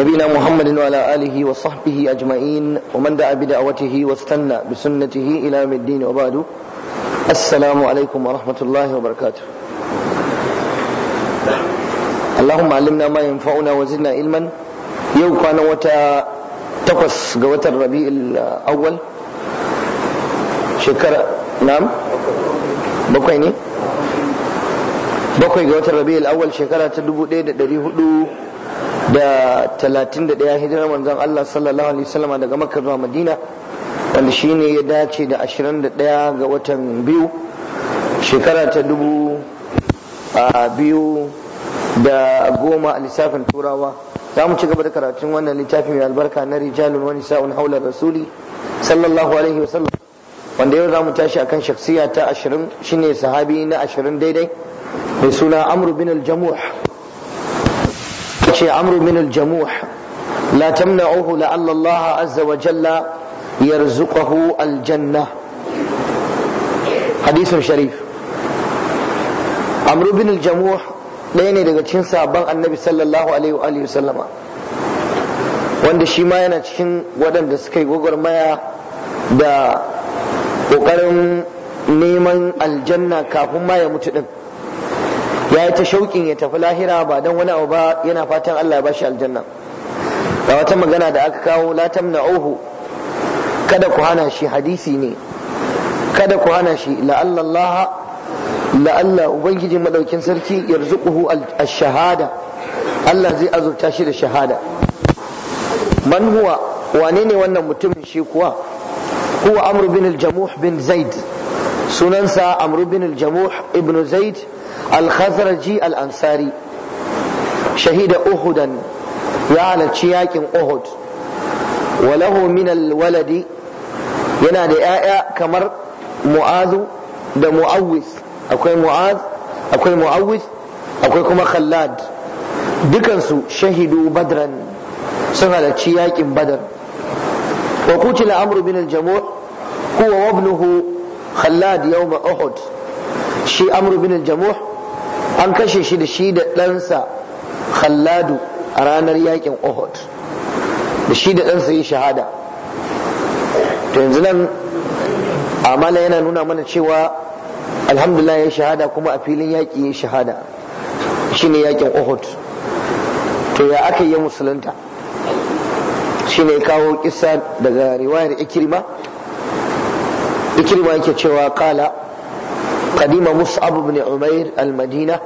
نبينا محمد وعلى آله وصحبه أجمعين ومن دعا بدعوته واستنى بسنته إلى يوم الدين وبعد السلام عليكم ورحمة الله وبركاته اللهم علمنا ما ينفعنا وزدنا علما يو كان وتا تقص قوة الربيع الأول شكرا نعم بقيني بقي قوة الربيع الأول شكرا تدبو ديد دريه da talatin da ɗaya hijirar manzon Allah sallallahu alaihi wasallam daga Makka zuwa Madina wanda shine ya dace da ashirin da ɗaya ga watan biyu shekara ta dubu a biyu da goma a lissafin turawa za mu ci gaba da karatun wannan littafi mai albarka na rijalun wani sa'un haular rasuli sallallahu alaihi wasallam wanda yau za mu tashi akan shaksiya ta ashirin shine sahabi na ashirin daidai mai suna amru bin al-jamuh ce amru min aljamuh la tamna'uhu la'alla Allah azza wa jalla yarzuquhu aljanna janna hadisin sharif amru bin aljamuh ɗaya ne daga cikin sabon annabi sallallahu alaihi wa sallama wanda shi ma yana cikin waɗanda suka yi gwagwarmaya da ƙoƙarin neman aljanna kafin ma ya mutu ɗin ya yi ta shauƙin ya tafi lahira ba don wani abu ba yana fatan Allah ya bashi aljanna da wata magana da aka kawo la ohu. kada ku hana shi hadisi ne kada ku hana shi la'allallaha la'alla ubangiji madaukin sarki yarzuquhu ash-shahada Allah zai azurta shi da shahada man huwa wane ne wannan mutumin shi kuwa huwa amr bin al-jamuh bin zaid sunansa amru bin al-jamuh ibn zaid al-khazraji al-ansari shahida uhudan ya halarci yakin uhud walahu min al-waladi yana da 'ya'ya kamar mu'azu da mu'awis akwai mu'az akwai mu'awis akwai kuma khallad dukansu shahidu badran sun halarci yakin badar wa kutila amru bin al-jamu' huwa wa ibnuhu khallad uhud shi amru bin jamuh an kashe shi da shi da ɗansa khalladu a ranar yakin uhud da shi da ɗansa yi shahada to yanzu nan amala yana nuna mana cewa alhamdulillah ya shahada kuma a filin yaƙi ya shahada Shi ne yakin uhud to ya aka yi musulunta Shi ne kawo kisa daga riwayar ikirma ikirma yake cewa kala Kadima قديم مصعب بن عمير المدينة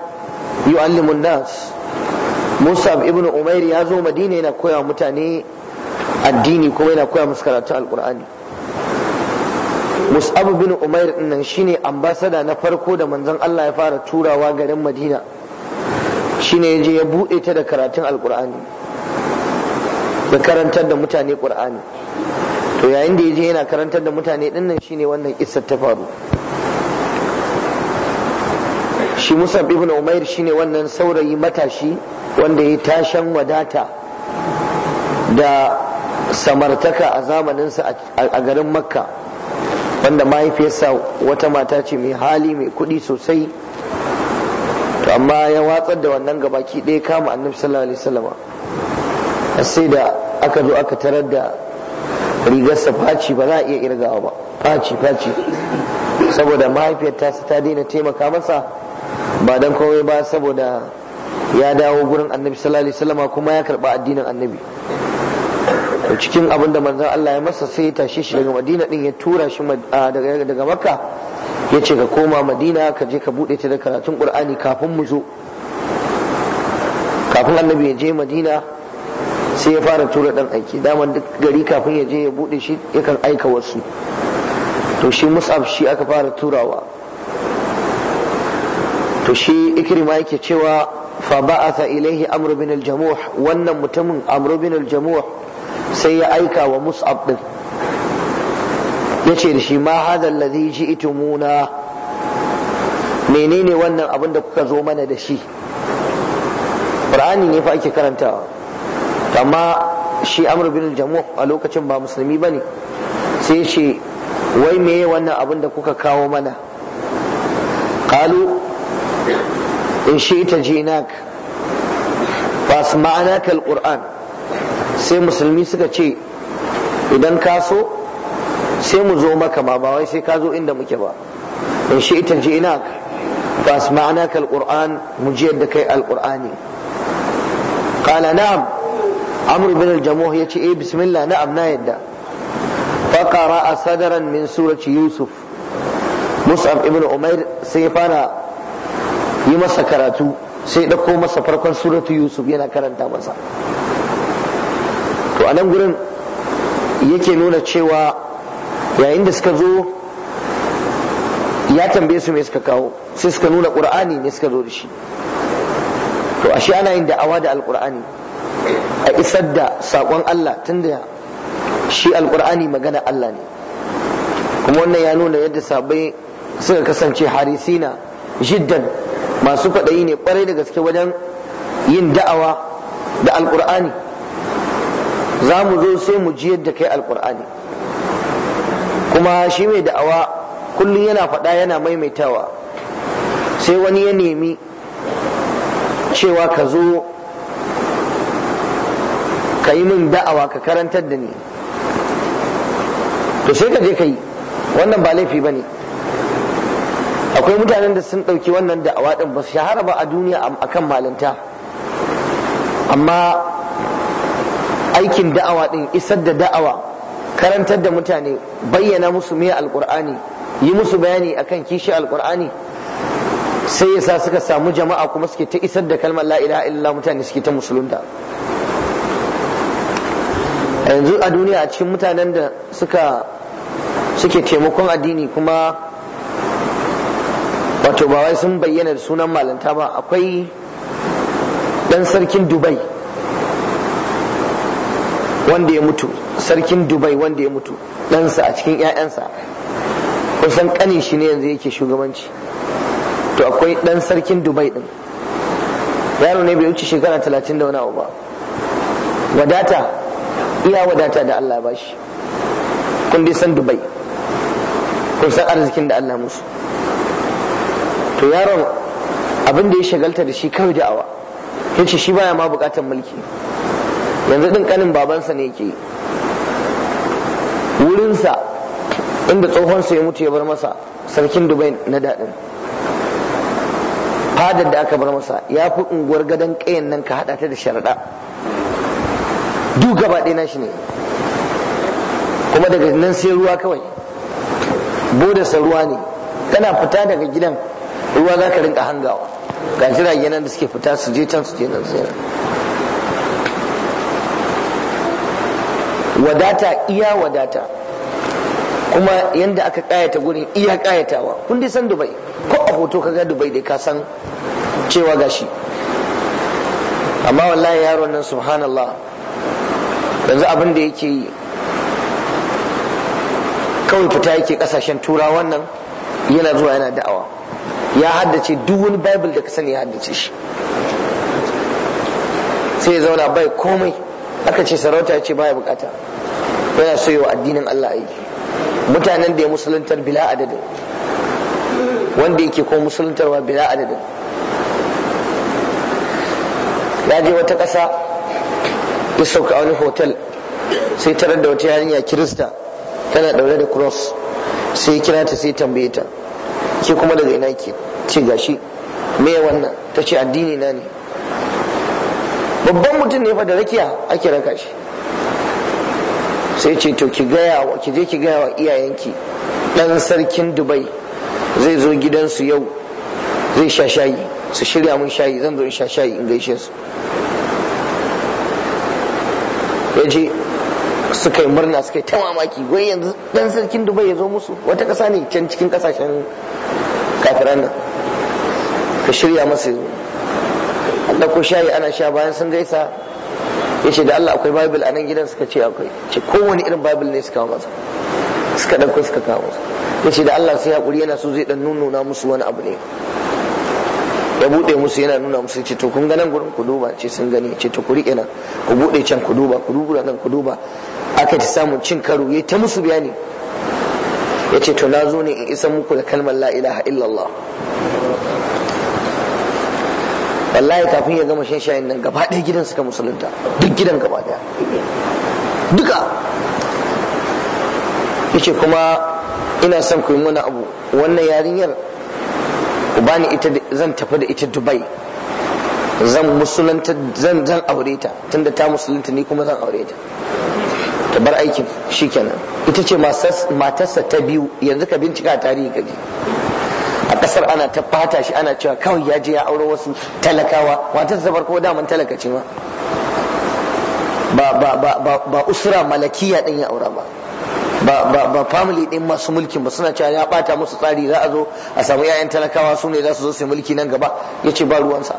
يعلم الناس مصعب ابن عمير يازو مدينة هنا كويا mutane addini kuma yana koya musu karatu alkur'ani mus'ab bin umair nan shine ambasada na farko da manzon Allah ya fara turawa garin madina shine yaje ya bude ta da karatun alkur'ani ya karantar da mutane qur'ani to yayin da yaje yana karantar da mutane din shine wannan isar ta faru shi musab ibn umair shine wannan saurayi matashi wanda ya tashan wadata da samartaka a zamaninsa a garin makka wanda mahaifiyarsa wata mata ce mai hali mai kuɗi sosai to amma ya watsar da wannan gabaki ɗaya kama annabi sallallahu alaihi wasallama sai da aka zo aka tarar da rigarsa faci ba za a iya irgawa ba faci faci saboda mahaifiyar ta daina taimaka masa ba dan komai ba saboda ya dawo gurin annabi sallallahu alaihi kuma ya karba addinin annabi cikin abin da manzon Allah ya masa sai ya tashe shi daga Madina din ya tura shi daga daga ya ce ka koma Madina ka je ka bude ta da karatun Qur'ani kafin mu zo kafin annabi ya je Madina sai ya fara tura dan aiki daman duk gari kafin ya je ya bude shi yakan aika wasu to shi Mus'ab shi aka fara turawa to shi ikrima yake cewa fa ba'atha ilaihi amr bin al-jamuh wannan mutumin amr bin al-jamuh sai ya aika wa mus'ab din yace da shi ma hadha alladhi ji'tumuna menene wannan abin da kuka zo mana da shi qur'ani ne fa ake karantawa amma shi amr bin al-jamuh a lokacin ba musulmi bane sai ce wai meye wannan abin da kuka kawo mana Kalu. in shi ta jinak ba su ma'ana Alƙur'an. sai musulmi suka ce idan ka so sai mu zo maka ba, ba wai sai ka zo inda muke ba in shi ita jinak ba su ma'ana Alƙur'an. mu ji yadda kai alƙur'ani qala na'am amr bin al-jamuh yace eh bismillah na'am na yadda fa qara'a sadaran min surati yusuf mus'ab ibn umair sai fara yi masa karatu sai ɗauko masa farkon suratu yusuf yana karanta masa to a nan gurin yake nuna cewa yayin da suka zo ya tambaye su me suka kawo sai suka nuna ƙur'ani ne suka zo da shi to ashe ana yin da'awa da alƙur'ani a isar da saƙon Allah tunda shi alƙur'ani magana Allah ne kuma wannan ya nuna yadda sabai suka kasance harisina jiddan masu kwaɗayi ne ƙwarai da gaske wajen yin da'awa da alkur'ani za mu zo sai mu ji yadda kai alkur'ani kuma shi mai da'awa kullum yana faɗa yana maimaitawa sai wani ya nemi cewa ka zo ka yi min da'awa ka karantar da ni to sai ka je ka yi wannan ba laifi ba ne akwai mutanen da sun ɗauki wannan da'awa ɗin ba shahara ba a duniya akan malinta amma aikin da'awa ɗin isar da da'awa karantar da mutane bayyana musu me alkur'ani yi musu bayani akan kishi alkur'ani sai ya sa suka samu jama'a kuma suke ta isar da kalmar la ilaha illallah mutane suke ta musulunta yanzu a duniya a cikin mutanen da suka suke taimakon addini kuma wato ba wai sun bayyana da sunan malanta ba akwai dan sarkin dubai wanda ya mutu sarkin dubai wanda ya mutu ɗansa a cikin 'ya'yansa kusan kanin shi ne yanzu yake shugabanci to akwai ɗan sarkin dubai ɗin yaro ne bai wuce shekara talatin da wani abu ba wadata iya wadata da allah ba shi kun san dubai kun san arzikin da allah musu to yaron abin da ya shagalta da shi kawai da'awa ya ce shi baya ma bukatar mulki yanzu din kanin babansa ne ke wurinsa inda tsohonsa ya mutu ya bar masa sarkin dubai na daɗin fadar da aka bar masa ya fi unguwar gadon ƙayan nan ka haɗa ta da sharaɗa duk gaba ɗaya shi ne kuma daga nan sai ruwa kawai bodarsa ruwa ne tana fita daga gidan ruwa za ka rinka hangawa ga jirage nan da suke fita su je can su je nan wadata iya wadata kuma yadda aka kayata gurin iya kayatawa kun dai san dubai ko a hoto ga dubai dai ka san cewa gashi amma wallahi yaron nan subhanallah yanzu abin da yake yi kawai fita yake kasashen turawan nan yana zuwa yana da'awa ya haddace duk wani bible da ka sani ya haddace shi sai ya zauna bai komai aka ce sarauta ya ce baya bukata yana so wa addinin Allah aiki mutanen da ya musuluntar bila adadin wanda yake ko musuluntarwa bila adadin ya je wata ƙasa ya sauka wani hotel sai tarar da wata yarinya kirista tana daure da cross sai kira ta sai tambaye ta ke kuma daga ina ke ce gashi me wannan ta ce addini na ne babban mutum ne fa da rakiya ake raka shi sai ce to ki gaya wa ki je ki gaya wa iyayenki dan sarkin dubai zai zo gidansu yau zai sha shayi su shirya mun shayi zan zo in sha shayi in gaishe su ya ce suka yi murna suka yi ta mamaki wai yanzu dan sarkin dubai ya zo musu wata kasa ne can cikin kasashen kafiran nan ka shirya masa yanzu an ɗauko shayi ana sha bayan sun gaisa ya ce da Allah akwai Babil a nan gidan suka ce akwai ce kowane irin Babil ne suka masa suka ɗauko suka kawo masa ya ce da Allah sai haƙuri yana so zai ɗan nuna musu wani abu ne ya bude musu yana nuna musu ce to kun ga nan gurin ku duba ce sun gani ce to ku rike nan ku bude can ku duba ku duba nan ku duba aka ci samun cin karo yayi ta musu bayani ya ce to na zo ne in isa muku da kalmar la ilaha illallah wallahi kafin ya gama shan shayin nan gaba ɗaya gidan suka musulunta duk gidan gaba ɗaya duka yace kuma ina son ku yi mana abu wannan yarinyar ubani bani ita zan tafi da ita dubai zan musulunta zan zan aure ta tunda ta musulunta ni kuma zan aure ta ta bar aikin shikenan ita ce matarsa ta biyu yanzu ka bincika a tarihi ka a kasar ana ta fata shi ana cewa kawai ya je ya auro wasu talakawa matarsa farko daman talaka ce ma ba ba ba ba usra malakiya din ya aura ba ba family din masu mulkin ba suna cewa ya bata musu tsari za a zo a samu yayan talakawa su ne za su zo su mulki nan gaba ya ce ba ruwansa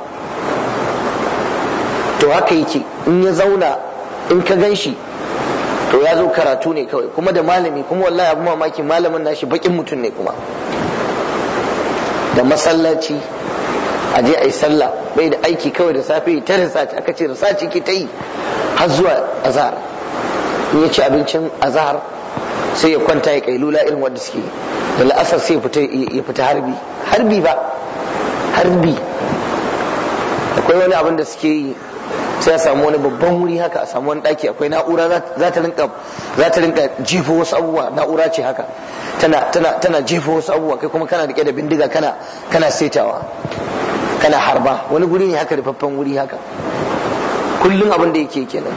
to haka yake in ya zauna in ka gan shi to ya zo karatu ne kawai kuma da malami kuma wallahi abu mamaki malamin nashi bakin mutum ne kuma da masallaci a je a yi sallah bai da aiki kawai da safe ta risaci aka ce risaci ke ta yi har zuwa azhar in ya ci abincin azhar sai ya kwanta ya kai lula irin wanda suke da la'asar sai ya fita harbi harbi ba harbi akwai wani abin da suke yi sai a samu wani babban wuri haka a samu wani daki akwai na'ura za ta rinka za ta rinka jefo wasu abubuwa na'ura ce haka tana tana tana jefo wasu abubuwa kai kuma kana rike da bindiga kana kana setawa kana harba wani guri ne haka rufaffen wuri haka kullum abin da yake kenan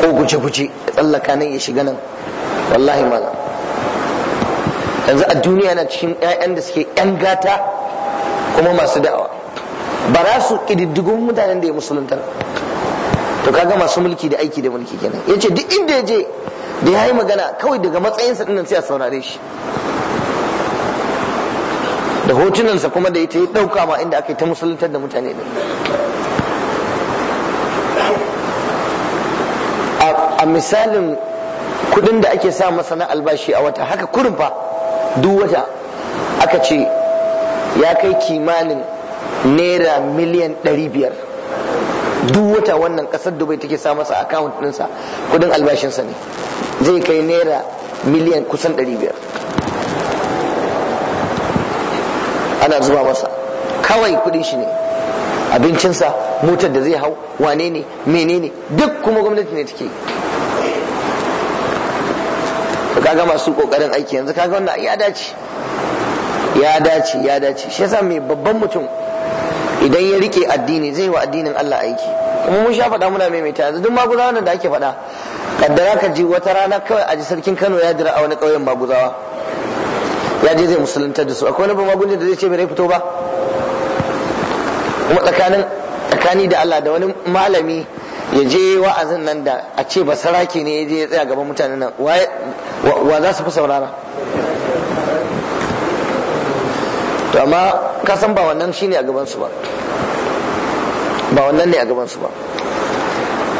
ko guje-guje ya tsallaka nan ya shiga nan wallahi maza yanzu a duniya na cikin 'ya'yan da suke 'yan gata kuma masu da'awa ba za su ƙididdigun mutanen da ya musulunta to kaga masu mulki da aiki da mulki kenan ya ce duk inda ya je da ya yi magana kawai daga matsayinsa dinnan sai a saurare shi da hotunansa kuma da ita ya ɗauka ma inda aka yi ta musuluntar da mutane ne a misalin kudin da ake sa masa na albashi a wata haka kurin fa duk wata aka ce ya kai kimanin naira miliyan 500 duk wata wannan kasar dubai take sa masa account ɗinsa kudin albashinsa ne zai kai naira miliyan kusan 500 ana zuba masa kawai kudin shi ne abincinsa motar da zai hau wane ne menene duk kuma gwamnati ne take Ka kaga masu kokarin aiki yanzu kaga wannan ya dace ya dace ya dace shi yasa mai babban mutum idan ya rike addini zai wa addinin Allah aiki kuma mun sha faɗa muna maimaita yanzu duk maguzawa da ake faɗa kaddara ka ji wata rana kawai a ji sarkin Kano ya jira a wani ƙauyen maguzawa ya je zai musulunta da su akwai wani magunji da zai ce bai fito ba kuma tsakanin tsakani da Allah da wani malami ya je wa'azin nan da a ce ba saraki ne ya je ya tsaya gaban mutanen nan wa za su fi saurara to amma ka san ba wannan shine a gaban su ba ba wannan ne a gaban su ba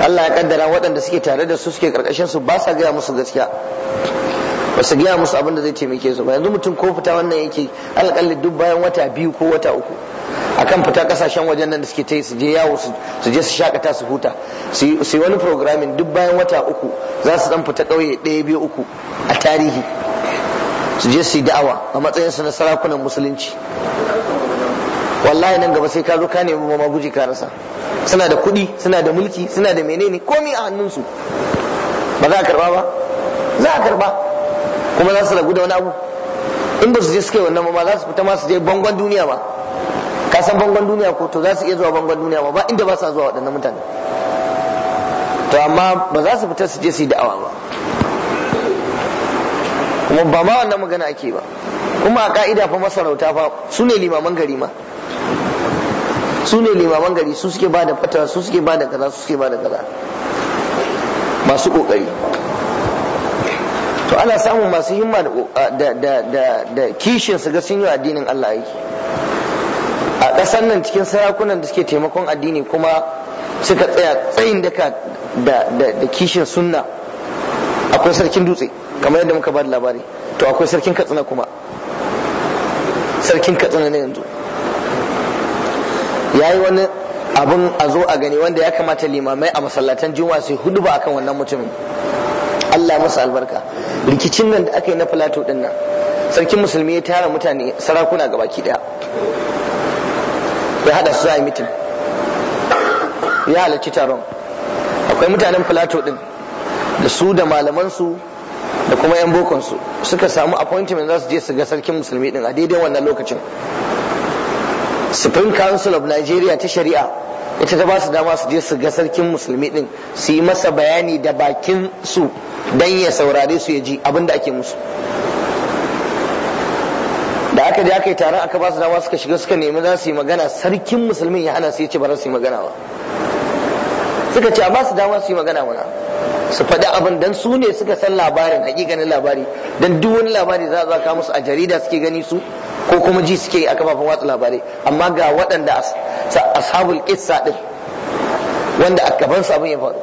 Allah ya kaddara waɗanda suke tare da su suke karkashin su ba sa gaya musu gaskiya ba su gaya musu abin da zai taimake su ba yanzu mutum ko fita wannan yake alƙalli duk bayan wata biyu ko wata uku akan fita kasashen wajen nan da suke ta yi su je yawo su je su shakata su huta su yi wani programming duk bayan wata uku za su dan fita ƙauye ɗaya biyu uku a tarihi su je su yi da'awa a matsayin su na sarakunan musulunci wallahi nan gaba sai ka zo ka nemi ma guji ka rasa suna da kuɗi suna da mulki suna da menene komi a hannunsu ba za a karba ba za a karba kuma za su ragu da wani abu in ba su je su kai wannan ma za su fita ma su je bangon duniya ba ka san bangon duniya ko to za su iya zuwa bangon duniya ba inda ba sa zuwa waɗannan mutane to amma ba za su fita su je su yi da'awa ba kuma ba ma wannan magana ake ba kuma a ka'ida fa masarauta fa su ne limaman gari ma su ne limaman gari su suke ba da fatawa su suke ba da kaza su suke ba da kaza masu kokari to ana samun masu himma da kishin su ga sun yi addinin Allah yake ƙasar nan cikin sarakunan da suke taimakon addini kuma suka tsaya tsayin daka da kishin sunna akwai sarkin dutse kamar yadda muka ba da labari to akwai sarkin katsina kuma sarkin katsina na yanzu ya yi wani abin a zo a gani wanda ya kamata limamai a masallatan Juma sai hudu ba akan wannan mutumin Allah masa albarka rikicin nan da aka yi na filato din nan sarkin musulmi ya tara mutane sarakuna gabaki baki daya ya hada su za a mitin ya halarci taron akwai mutanen plateau din da su da malamansu da kuma 'yan bokonsu suka samu appointment za su je su ga sarkin musulmi din a daidai wannan lokacin supreme council of nigeria ta shari'a ita ta ba su dama su je su ga sarkin musulmi din su yi masa bayani da bakin su don ya saurare su ya ji abin da ake musu aka je aka yi taron aka ba su dama suka shiga suka nemi za su yi magana sarkin musulmin ya hana su ya ce ba za su yi magana ba suka ce a ba su dama su yi magana mana su faɗi abin dan su ne suka san labarin hakikanin labari dan duk wani labari za a ka musu a jarida suke gani su ko kuma ji suke a kafafen watsa labarai amma ga waɗanda ashabul qissa din wanda a gaban su abin ya faru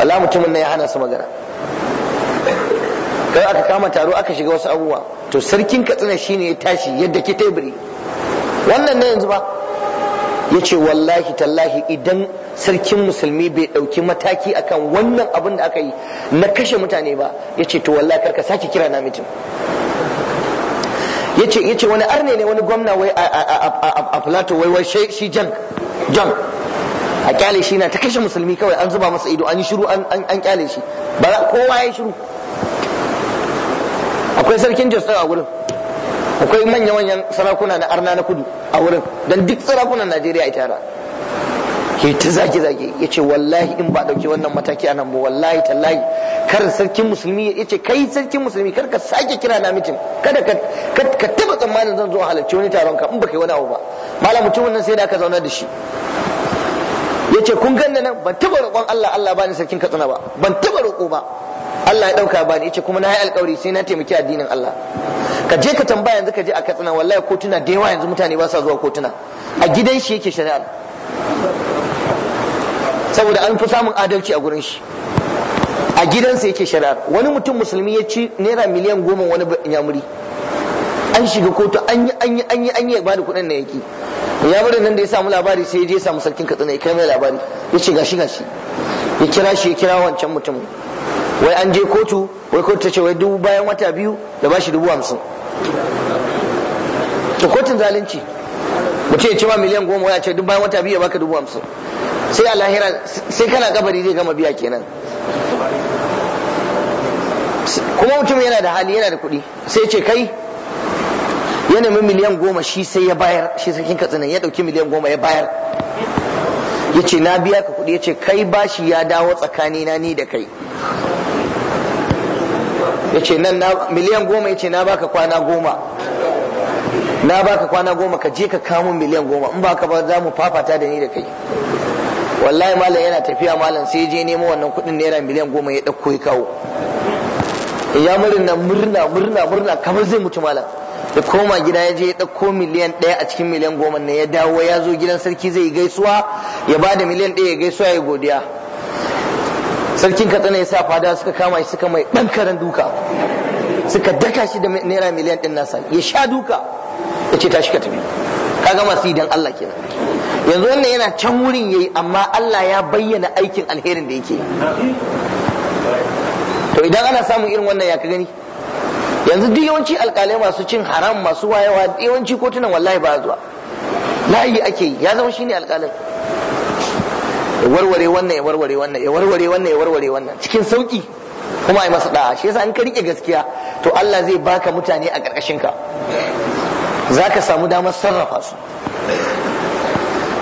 Allah mutumin nan ya hana su magana kai aka kama taro aka shiga wasu abubuwa to sarkin katsina shine ya tashi yadda ke teburi wannan ne yanzu ba ya ce wallahi tallahi idan sarkin musulmi bai ɗauki mataki akan wannan abin da aka yi na kashe mutane ba ya ce to wallahi karka sake kira na mitin ya ce wani arne ne wani gwamna wai a plato wai wai shi jan jan a kyale shi na ta kashe musulmi kawai an zuba masa ido an yi shiru an kyale shi ba kowa ya yi shiru akwai sarkin jos a wurin akwai manya-manyan sarakuna na arna na kudu a wurin don duk sarakunan najeriya ita ra ke ta zage-zage ya ce wallahi in ba ɗauki wannan mataki anan ba wallahi tallahi kar sarkin musulmi ya ce kai sarkin musulmi kar ka sake kira na mitin kada ka taba tsammanin zan zo halarci wani taron ka in ba kai wani abu ba malam mutumin nan sai da aka zauna da shi ya ce kun ganna nan ban taba roƙon Allah Allah bani sarkin Katsina ba ban taba roƙo ba Allah ya dauka ba ni yace kuma na yi alkawari sai na taimaki addinin Allah ka je ka tambaya yanzu ka je a katsina wallahi kotuna da yawa yanzu mutane ba sa zuwa kotuna a gidan shi yake shari'a saboda an fi samun adalci a gurin shi a gidansa yake shari'ar wani mutum musulmi ya ci naira miliyan goma wani yamuri an shiga kotu an yi an yi an yi an yi ba da kuɗin na yake. ya bari nan da ya samu labari sai ya je ya samu sarkin katsina ya kai mai labari ya ce gashi gashi ya kira shi ya kira wancan mutum wai an je kotu wai kotu ta ce wai dubu bayan wata biyu da bashi dubu hamsin to kotun zalunci mutum ya ce ma miliyan goma ya ce duk bayan wata biyu ya baka dubu hamsin sai a lahira sai kana kabari zai gama biya kenan kuma mutum yana da hali yana da kuɗi sai ce kai ya nemi miliyan goma shi sai ya bayar shi kinka katsinan ya ɗauki miliyan goma ya bayar ya ce na biya ka kuɗi ya ce kai bashi ya dawo tsakanina ni da kai ya ce nan miliyan goma ya ce na baka kwana goma na baka kwana goma ka je ka kamo miliyan goma in baka ba za mu fafata da ni da kai wallahi malam yana tafiya malam sai je nemo wannan kudin naira miliyan goma ya dauko ya kawo ya murna murna murna murna kamar zai mutu malam da koma gida ya je ya ɗauko miliyan ɗaya a cikin miliyan goma ne ya dawo ya zo gidan sarki zai gaisuwa ya bada da miliyan ɗaya ya gaisuwa ya godiya sarkin katsina ya sa fada suka kama shi suka mai ɗan karen duka suka daka shi da naira miliyan ɗin nasa ya sha duka ya ce tashi ka tafi kaga masu idan Allah kenan yanzu wannan yana can wurin yayi amma Allah ya bayyana aikin alherin da yake to idan ana samun irin wannan ya ka gani yanzu duk yawanci alkalai masu cin haram masu wayewa yawanci kotunan wallahi ba zuwa layi ake yi, ya zama shine alkalai ya warware wannan ya warware wannan ya warware wannan ya warware wannan cikin sauki kuma ai masa da'a shi yasa in ka rike gaskiya to Allah zai baka mutane a ƙarƙashin ka zaka samu damar sarrafa su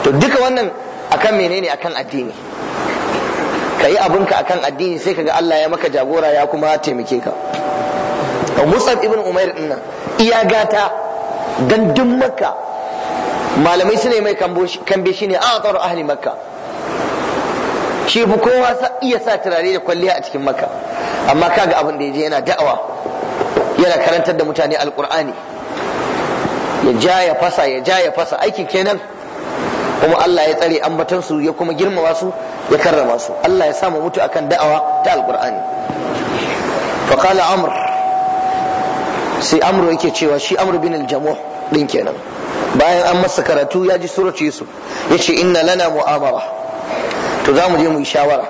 to duka wannan akan menene akan addini ka yi ka akan addini sai kaga Allah ya maka jagora ya kuma taimake ka Musab ibn Umair dinnan iya gata dan duk makka malamai suna mai kambe shi ne a ahli makka shi fi kowa iya sa turare da kwalliya a cikin maka amma kaga abin da ya je yana da'awa yana karantar da mutane alkur'ani ya ja ya fasa ya ja ya fasa aiki kenan kuma Allah ya tsare su ya kuma girmama su ya karrama su Allah ya samu mutu akan da'awa ta alkur'ani fa qala amr sai amru yake cewa shi amru bin al-jamuh din kenan bayan an masa karatu ya ji suratu yusuf yace inna lana mu'amara to za mu je mu yi shawara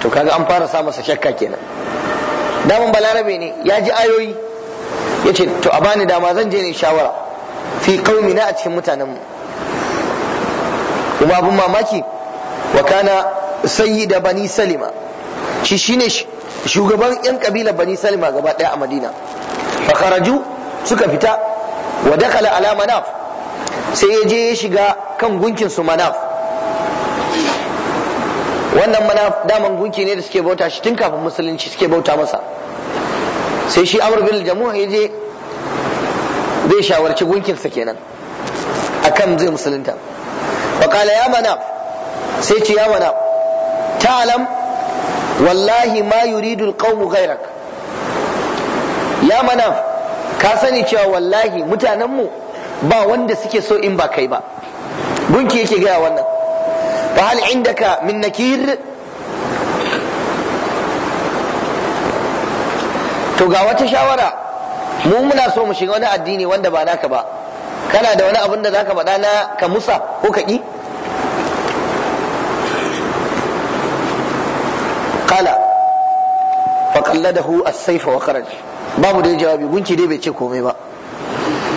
to kaga an fara sa masa shakka kenan daman balarabe ne ya ji ayoyi ya ce to a bani dama zan je ne shawara fi kaumi na a cikin mutanen mu kuma abin mamaki wa kana sayi da bani salima shi shine shugaban yan kabilar bani salima gaba daya a madina fakaraju suka fita wa dakala ala manaf sai ya je ya shiga kan gunkin su manaf wannan mana daman gunki ne da suke bauta shi tun kafin musulunci suke bauta masa sai shi amur bin jamu ya je zai shawarci gunkinsa kenan akan zai musulunta wa ya mana sai ce ya mana ta'alam wallahi ma yuridul qawmu gairak. ya mana ka sani cewa wallahi mutanenmu ba wanda suke so in ba kai ba gunki yake gaya wannan فهل عندك من نكير to ga wata shawara mu muna so mu shiga wani addini wanda ba naka ba kana da wani abin da zaka faɗa na ka musa ko ka ƙi kala kalladahu as-saifa wa kharaj babu dai jawabi gunki dai bai ce komai ba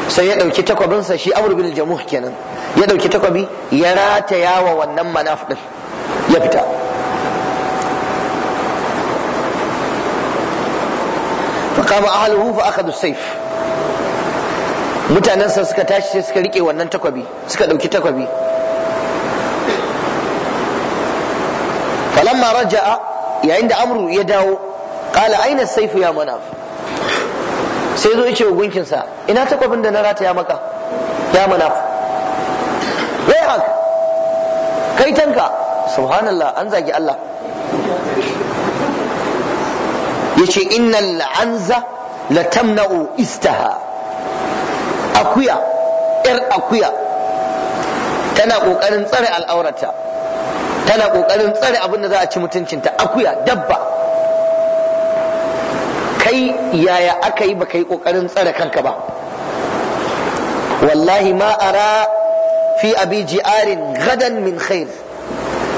sai ya ɗauki takwabinsa shi amur bin jamuh kenan ya ɗauki takwabi ya rataya wa wannan manaf ya fita faƙama ahaluhu fa aka saif mutanensa suka tashi sai suka riƙe wannan takwabi suka ɗauki takwabi falamma raja'a yayin da amru ya dawo ƙala aina saifu ya manaf sai zo yace gunkin sa gunkinsa ina takwabin da na rataya maka ya manaf wai kai tanka subhanallah an zagi Allah yace innal anza la tamna'u istaha akuya yar akuya tana kokarin tsare al'aurata tana kokarin tsare abin da za a ci mutuncinta akuya dabba kai yaya aka yi baka yi kokarin tsare kanka ba wallahi ma ara fi abi ji'arin gadan min khair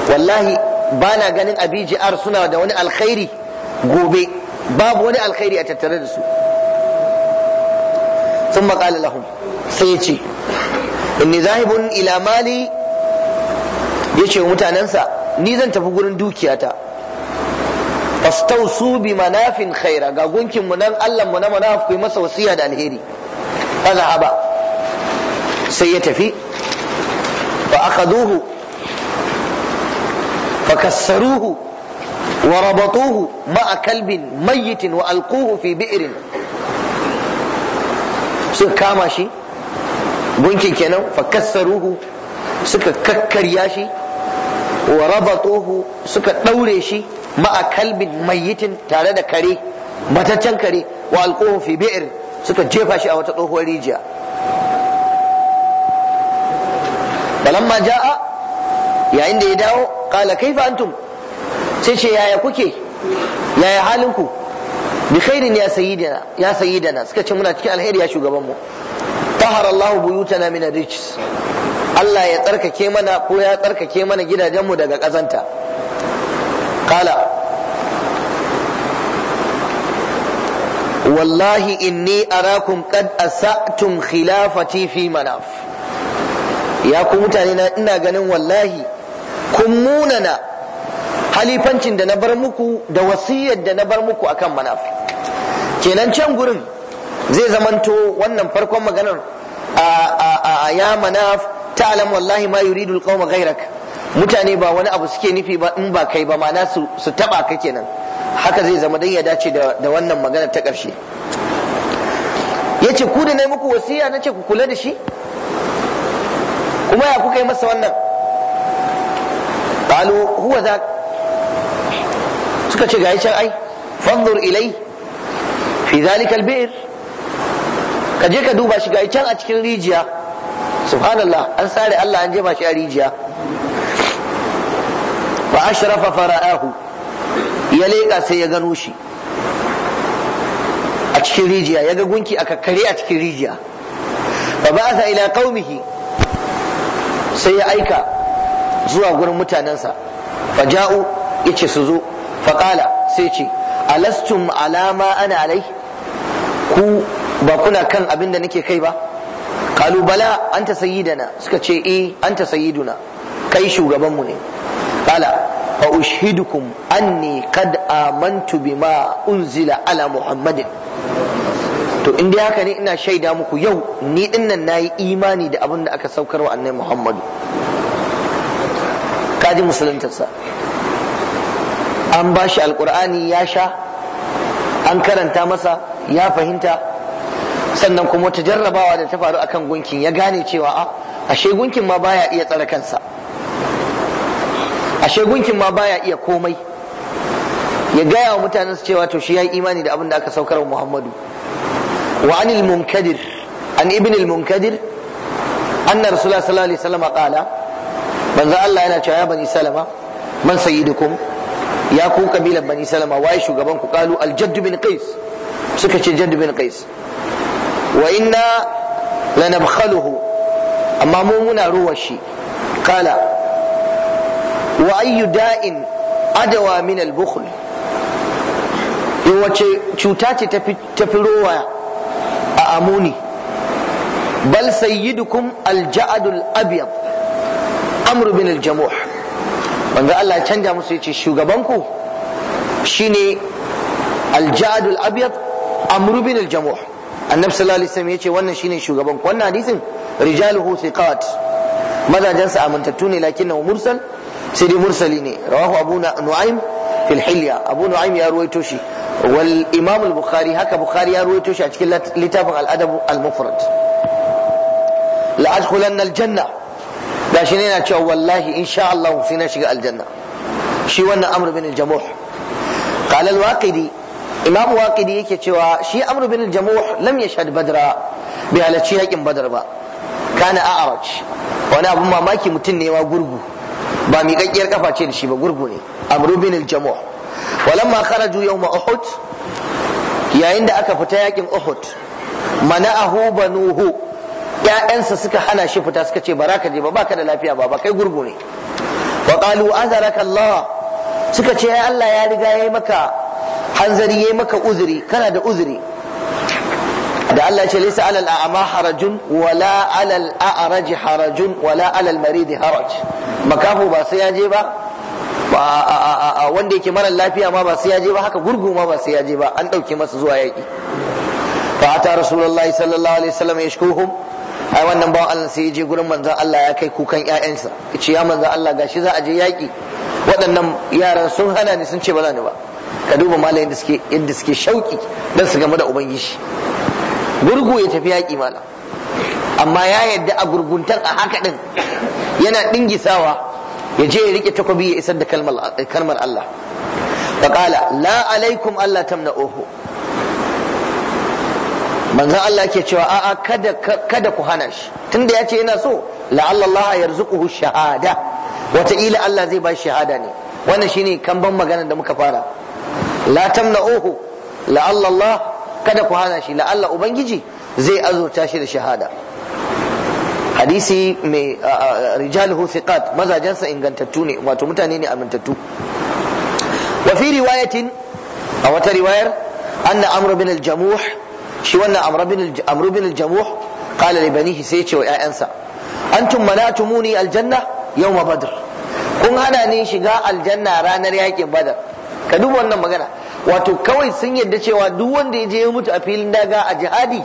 wallahi bana ganin abi ji'ar suna da wani alkhairi gobe babu wani alkhairi a tattare da su sun maƙala lahum sai ya ce inni zahibun ilamali, ya ce mutanensa ni zan tafi gurin dukiyata su bi manafin khaira ga gunkin mu nan Allah mu na manaf ku masa wasiya da alheri azhaba sai ya tafi فأخذوه فكسروه وربطوه مع كلب ميت وألقوه في بئر suka kama shi gunkin kenan fakassaruhu suka kakkarya shi wa suka ɗaure shi ma'a kalbin mayyitin tare da kare mataccen kare wa alƙuhu fi bi'ir suka jefa shi a wata tsohuwar rijiya balamma ja'a yayin da ya dawo qala kaifa antum sai ce yaya kuke yaya halin bi khairin ya sayyidina ya sayyidina suka ce muna cikin alheri ya shugaban mu tahara Allahu buyutana min ar Allah ya tsarkake mana ko ya tsarkake mana gidajenmu daga kazanta qala wallahi inni arakum qad asa'tum khilafati fi manaf ya ku mutane na ina ganin wallahi kun munana halifancin da na bar muku da wasiyar da na bar muku akan manafi kenan can gurin zai zamanto wannan farkon maganar a ya manaf ta'lam wallahi ma yuridu alqawma ghayrak mutane ba wani abu suke nufi ba in ba kai ba ma'ana su su taba ka kenan haka zai zama dai ya dace da wannan magana ta karshe yace ku da nayi muku wasiya nace ku kula da shi kuma ya kuka yi masa wannan qalu huwa za suka ce gayi can ai fanzur ilai fi zalika albir ka je ka duba shi gayi can a cikin rijiya subhanallah an sare Allah an jefa shi a rijiya fa ashrafa fara'ahu ya leƙa sai ya gano shi a cikin rijiya ya ga gunki a kakkare a cikin rijiya fa ba'atha ila qaumihi sai ya aika zuwa gurin mutanensa fa ja'u yace su zo fa qala sai ce alastum alama ana alai ku ba kuna kan abin da nake kai ba qalu bala anta sayyidana suka ce eh anta sayyiduna kai shugaban mu ne qala ushidukum anni qad amantu bima unzila ala Muhammadin? to in dai haka ne ina shaida muku yau ni dinnan nayi imani da abin da aka saukar wa annabi Muhammadu kaji musuluntarsa an ba shi alkur'ani ya sha an karanta masa ya fahimta sannan kuma ta jarrabawa da ta faru akan gunkin ya gane cewa a ah, ashe gunkin ma baya iya tsare kansa ashe gunkin ma baya iya komai ya gaya wa mutanen su cewa to shi ya yi imani da abin da aka saukar wa muhammadu وعن المنكدر عن ابن المنكدر أن رسول الله صلى الله عليه وسلم قال من ذا الله أنا يا بني سلمة من سيدكم يا كو قبيلة بني سلمة وايشوا قبنكم قالوا الجد بن قيس سكت الجد بن قيس وإنا لنبخله أما مومنا روشي قال وأي داء أدوى من البخل يوجه تشوتاتي تفي روى a amuni bal sayyidukum alja'adul abyad amr bin aljamuh wanda Allah ya canja musu yace shugabanku shine alja'adul abyad amr bin aljamuh annabi sallallahu alaihi wasallam yace wannan shine shugaban ku wannan hadisin rijaluhu thiqat mazajansa amintattu ne lakinnahu mursal sai dai mursali ne rawahu abu nu'aym fil hilya abu nu'aym ya ruwaito shi haka bukhari ya ruwaito shi a cikin littafin al adab al janna gashi ne yana cewa wallahi insha Allah sai shiga aljanna wannan amr bin yake cewa shi amr badra yakin badar ba kana mamaki mutum ne wa gurgu ba miƙaƙƙiyar kafa ce da shi ba gurgu ne amru bin al-jamu' walamma kharaju yawma uhud yayin da aka fita yakin uhud mana'ahu banuhu ƴaƴansa suka hana shi fita suka ce baraka je ba baka da lafiya ba kai gurgu ne wa qalu azaraka Allah suka ce ai Allah ya riga yayi maka hanzari yayi maka uzuri kana da uzuri da Allah ce laysa alal a'ma harajun wala alal a'raj harajun wala alal marid haraj makafu ba sai ya je ba ba wanda yake mara lafiya ma ba sai ya je ba haka gurgu ma ba sai ya je ba an dauke masa zuwa yaki fa ata rasulullahi sallallahu alaihi wasallam yashkuhum ai wannan bawan Allah sai je gurin manzon Allah ya kai kukan ƴaƴansa yace ya manzon Allah gashi za a je yaki waɗannan yaran sun hana ni sun ce ba za ni ba ka duba malayin da suke yadda suke shauki dan su game da ubangiji gurgu ya tafi yaƙi mana, amma ya yadda a gurguntar a haka ɗin yana ɗingisawa ya je ya rike takobi ya isar da kalmar Allah faƙala la alaikum Allah tamna'uhu manzon Allah ke cewa a'a kada kada ku hana shi tunda ya ce yana so la Allah yarzuquhu shahada wataƙila Allah zai ba shahada ne wannan shine kamban maganar da muka fara la tamna'uhu la Allah kada ku hana shi la'alla ubangiji zai azurta shi da shahada hadisi mai rijaluhu thiqat mazajensa ingantattu ne wato mutane ne amintattu wa fi riwayatin a wata riwayar anna amru bin al-jamuh shi wannan amru bin al-jamuh qala li banihi sai ce wa ƴaƴansa antum manatumuni aljanna? janna yawm badr kun hana ni shiga aljanna ranar yakin badar ka duba wannan magana wato kawai sun yarda cewa duk wanda ya je ya mutu a filin daga a jihadi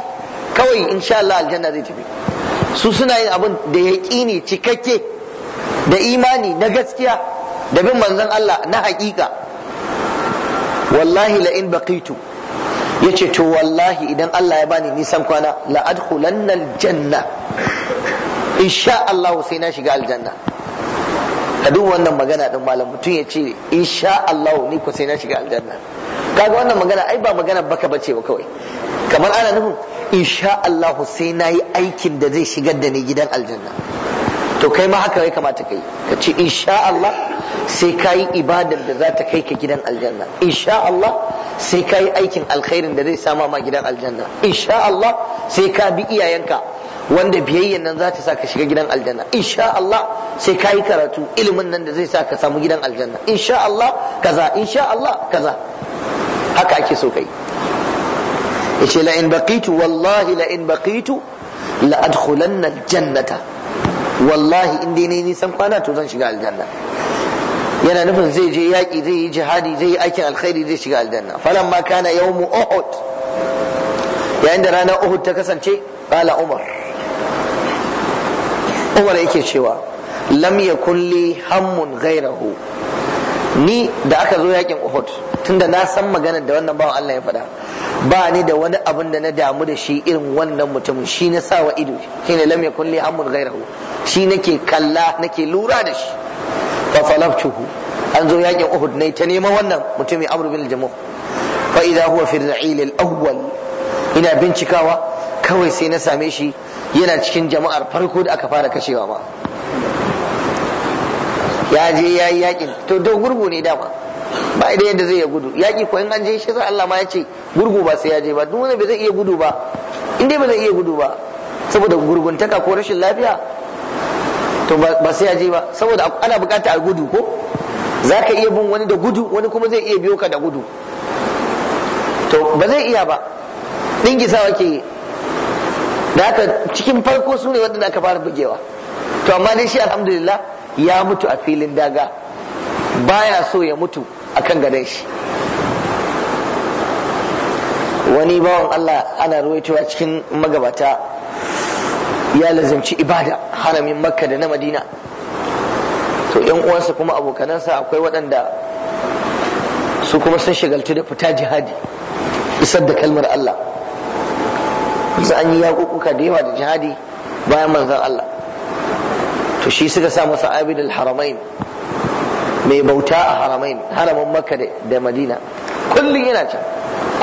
kawai insha Allah aljanna zai tafi su suna yin abin da ya yaƙini cikakke da imani na gaskiya da bin manzon Allah na haƙiƙa wallahi la'in bakitu ya yace to wallahi idan Allah ya bani nisan kwana la adkhulanna aljanna insha Allah sai na shiga aljanna ka duba wannan magana din malam mutum ya ce insha Allah ni ko sai na shiga aljanna kaga wannan magana ai ba magana baka bace ba kawai kamar ana nufin insha Allah sai na yi aikin da zai shigar da ni gidan aljanna to kai ma haka ya kamata kai ka ce insha Allah sai ka yi ibadar da za ta kai ka gidan aljanna insha Allah sai ka yi aikin alkhairin da zai sama ma gidan aljanna insha Allah sai ka bi iyayenka wanda biyayyan nan za ta sa ka shiga gidan aljanna insha Allah sai ka yi karatu ilimin nan da zai sa ka samu gidan aljanna insha Allah kaza insha Allah kaza haka ake so kai yace la in baqitu wallahi la in baqitu la adkhulanna aljannata wallahi in dai ne nisan kwana to zan shiga aljanna yana nufin zai je yaƙi zai yi jihadi zai yi aikin alkhairi zai shiga aljanna falan ma kana yawmu uhud yayin da rana uhud ta kasance qala umar umar yake cewa lam kulli hammun gairahu ni da aka zo yakin uhud tunda na san magana da wannan bawan Allah ya faɗa ba ni da wani abin da na damu da shi irin wannan mutumin shi na sawa ido ne lam ya kulli hammun gairahu, shi nake kalla nake lura da shi fa falaftuhu an zo yakin uhud ne ta neman wannan mutumin amr bin jamu fa idha huwa fi rail al-awwal ina bincikawa kawai sai na same shi yana cikin jama'ar farko da aka fara kashewa ba ya je ya yi yakin to don gurgu ne dama ba idan yadda zai ya gudu yaƙi ko in an je shi Allah ma ya ce gurgu ba sai ya je ba duk wanda bai zai iya gudu ba in dai ba zai iya gudu ba saboda gurguntaka ko rashin lafiya to ba sai ya je ba saboda ana bukata a gudu ko za ka iya bin wani da gudu wani kuma zai iya biyo ka da gudu to ba zai iya ba dingisawa ke da haka cikin farko su ne wadanda aka fara bugewa to amma dai shi alhamdulillah ya mutu a filin daga baya so ya mutu a kan gadon shi wani bawan Allah ana ruwaitowa cikin magabata ya lazimci ibada haramin makka da na madina to yan uwansa kuma abokanansa akwai waɗanda su kuma sun shigaltu da fita jihadi isar da kalmar Allah sa an yi yaƙuƙuka da yawa da jihadi bayan manzon Allah to shi suka sa masa abidul haramain mai bauta a haramain haramin makka da madina kullum yana can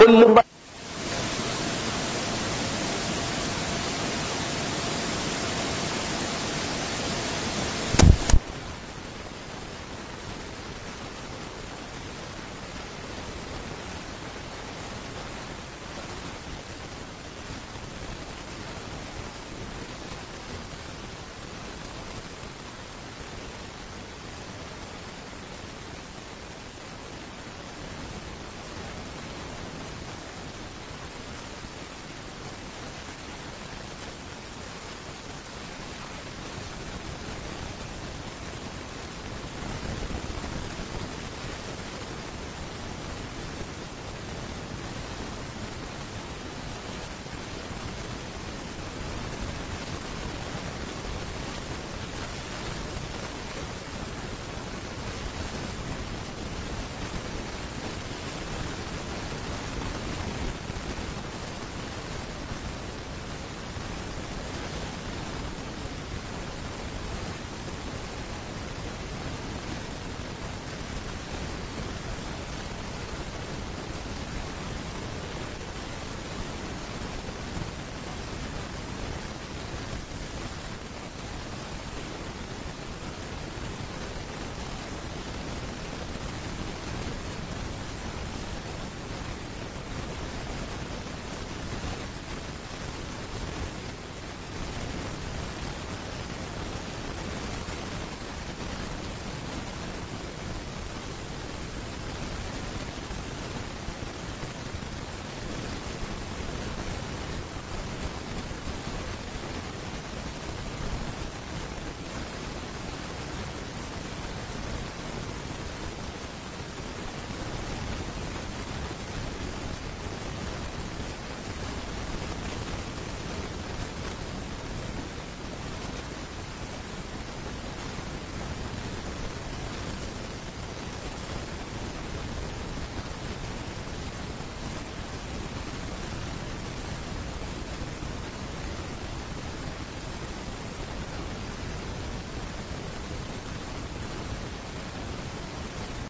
kullum ba